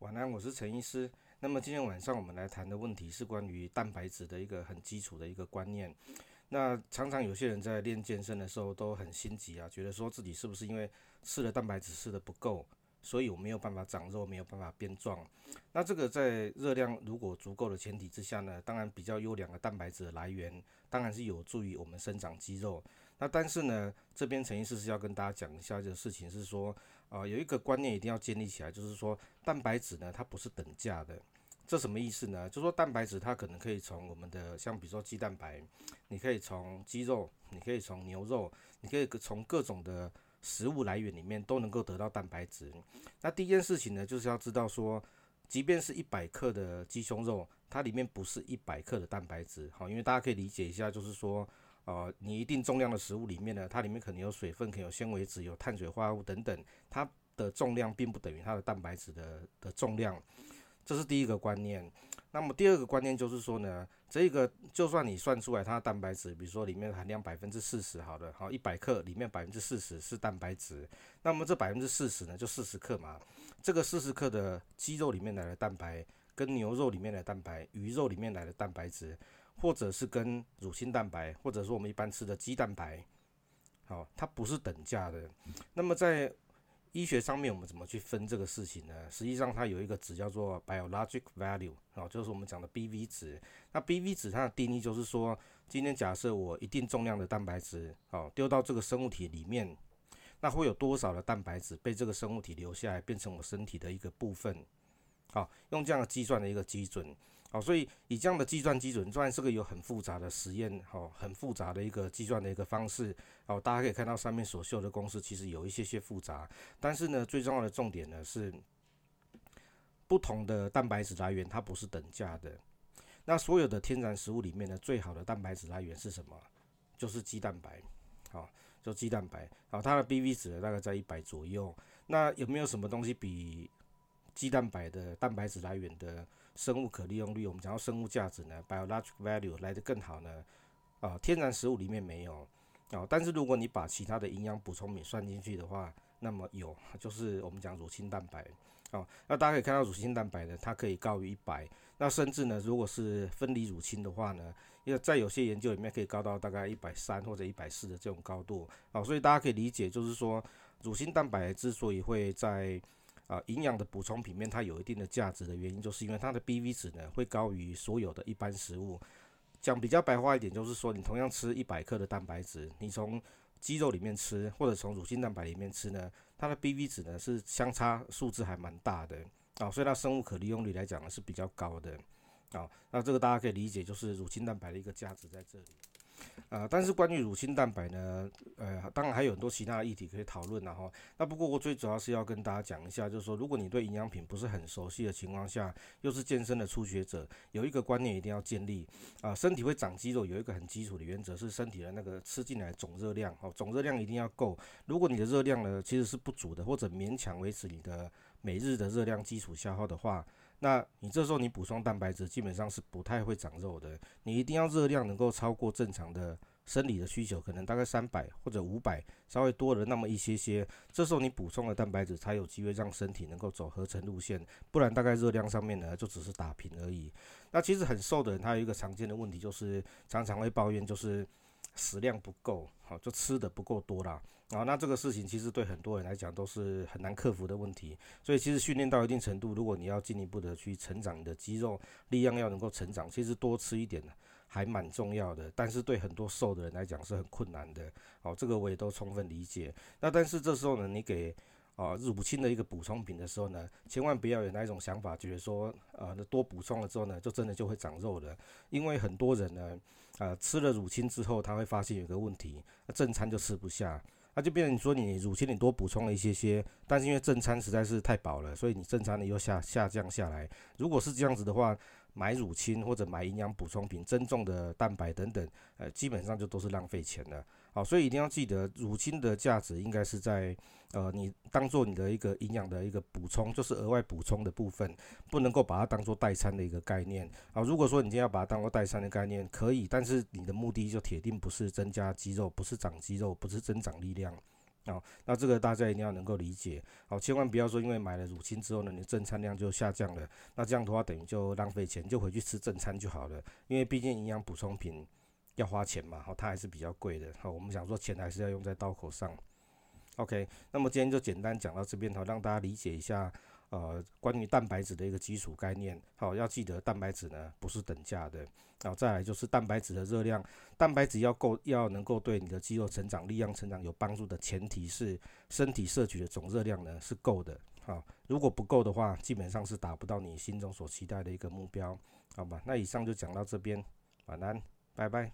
晚安，我是陳醫師。那麼今天晚上我們來談的問題是關於蛋白質的一個很基礎的一個觀念。那常常有些人在練健身的時候都很心急啊，覺得說自己是不是因為吃的蛋白質吃的不夠，所以我沒有辦法長肉，沒有辦法變壯。那這個在熱量如果足夠的前提之下呢，當然比較優良的蛋白質來源，當然是有助於我們生長肌肉。那但是呢，這邊陳醫師是要跟大家講一下這個事情，是說，啊、呃，有一個觀念一定要建立起來，就是說，蛋白質呢，它不是等價的。這什麼意思呢？就是說，蛋白質它可能可以從我們的，像比如說雞蛋白，你可以從雞肉，你可以從牛肉，你可以從各種的食物來源裡面都能夠得到蛋白質。那第一件事情呢，就是要知道說，即便是一百克的雞胸肉，它裡面不是一百克的蛋白質，好，因為大家可以理解一下，就是說。哦，你一定重量的食物裡面呢，它裡面可能有水分，可能有纖維質，有碳水化合物等等，它的重量並不等於它的蛋白質的的重量，這是第一個觀念。那麼第二個觀念就是說呢，這個就算你算出來它的蛋白質，比如說裡面含量百分之四十，好的，好，一百克裡面百分之四十是蛋白質，那麼這百分之四十呢就四十克嘛，這個四十克的雞肉裡面來的蛋白跟牛肉裡面的蛋白，魚肉裡面來的蛋白質。或者是跟乳清蛋白，或者是我們一般吃的雞蛋白，好、哦，它不是等價的。那麼在醫學上面，我們怎麼去分這個事情呢？實際上它有一個值叫做 biologic value，好、哦，就是我們講的 BV 值。那 BV 值它的定義就是說，今天假設我一定重量的蛋白質，好、哦，丟到這個生物體裡面，那會有多少的蛋白質被這個生物體留下來，變成我身體的一個部分，好、哦，用這樣的計算的一個基準。哦，所以以這樣的計算基準，算這個有很複雜的實驗，哈、哦，很複雜的一個計算的一個方式，哦，大家可以看到上面所秀的公式其實有一些些複雜，但是呢，最重要的重點呢是，不同的蛋白質來源它不是等價的。那所有的天然食物裡面呢，最好的蛋白質來源是什麼？就是雞蛋白，好、哦，就雞蛋白，好、哦，它的 BV 值大概在一百左右。那有沒有什麼東西比？雞蛋白的蛋白質來源的生物可利用率，我們講到生物價值呢 biologic value 來得更好呢，啊，天然食物裡面沒有，啊，但是如果你把其他的營養補充品算進去的話，那麼有，就是我們講乳清蛋白，啊，那大家可以看到乳清蛋白呢，它可以高於一百，那甚至呢，如果是分離乳清的話呢，因為在有些研究裡面可以高到大概一百三或者一百四的這種高度，啊，所以大家可以理解就是說乳清蛋白之所以會在啊，營養的補充品面它有一定的價值的原因，就是因為它的 BV 值呢，會高於所有的一般食物。講比較白話一點，就是說你同樣吃一百克的蛋白質，你從雞肉裡面吃或者從乳清蛋白裡面吃呢，它的 BV 值呢是相差數字還蠻大的啊，所以它生物可利用率來講呢是比較高的啊。那這個大家可以理解，就是乳清蛋白的一個價值在這裡。啊、呃，但是關於乳清蛋白呢，呃，當然還有很多其他的議題可以討論了哈。那不過我最主要是要跟大家講一下，就是說，如果你對營養品不是很熟悉的情況下，又是健身的初學者，有一個觀念一定要建立啊、呃，身體會長肌肉有一個很基礎的原則是身體的那個吃進來的總熱量哦，總熱量一定要夠。如果你的熱量呢其實是不足的，或者勉強維持你的每日的熱量基礎消耗的話。那你這時候你補充蛋白質基本上是不太會長肉的，你一定要熱量能夠超過正常的生理的需求，可能大概三百或者五百，稍微多了那麼一些些。這時候你補充了蛋白質，才有機會讓身體能夠走合成路線，不然大概熱量上面呢就只是打平而已。那其實很瘦的人，他有一個常見的問題，就是常常會抱怨，就是。食量不夠，好，就吃的不夠多啦，啊、哦，那這個事情其實對很多人來講都是很難克服的問題。所以其實訓練到一定程度，如果你要進一步的去成長你的肌肉力量，要能夠成長，其實多吃一點還蠻重要的。但是對很多瘦的人來講是很困難的，好、哦，這個我也都充分理解。那但是這時候呢，你給啊，乳清的一個補充品的時候呢，千萬不要有那一種想法，覺得說，呃，那多補充了之後呢，就真的就會長肉了。因為很多人呢，呃，吃了乳清之後，他會發現有個問題，那正餐就吃不下，那、啊、就變成你說你乳清你多補充了一些些，但是因為正餐實在是太飽了，所以你正餐你又下下降下來。如果是這樣子的話，買乳清或者買營養補充品、增重的蛋白等等，呃，基本上就都是浪費錢的。好，所以一定要記得，乳清的價值應該是在，呃，你當做你的一個營養的一個補充，就是額外補充的部分，不能夠把它當做代餐的一個概念啊。如果說你今天要把它當做代餐的概念，可以，但是你的目的就鐵定不是增加肌肉，不是長肌肉，不是增長力量。好、哦，那這個大家一定要能夠理解，好、哦，千萬不要說，因為買了乳清之後呢，你的正餐量就下降了，那這樣的話等於就浪費錢，就回去吃正餐就好了，因為畢竟營養補充品要花錢嘛，好、哦，它還是比較貴的，好、哦，我們想說錢還是要用在刀口上，OK，那麼今天就簡單講到這邊好、哦，讓大家理解一下。呃，關於蛋白質的一個基礎概念，好，哦，要記得，蛋白質呢不是等價的。然後，哦，再來就是蛋白質的熱量，蛋白質要夠，要能夠對你的肌肉成長、力量成長有幫助的前提是，身體攝取的總熱量呢是夠的。好，哦，如果不夠的話，基本上是達不到你心中所期待的一個目標。好吧，那以上就講到這邊，晚安，拜拜。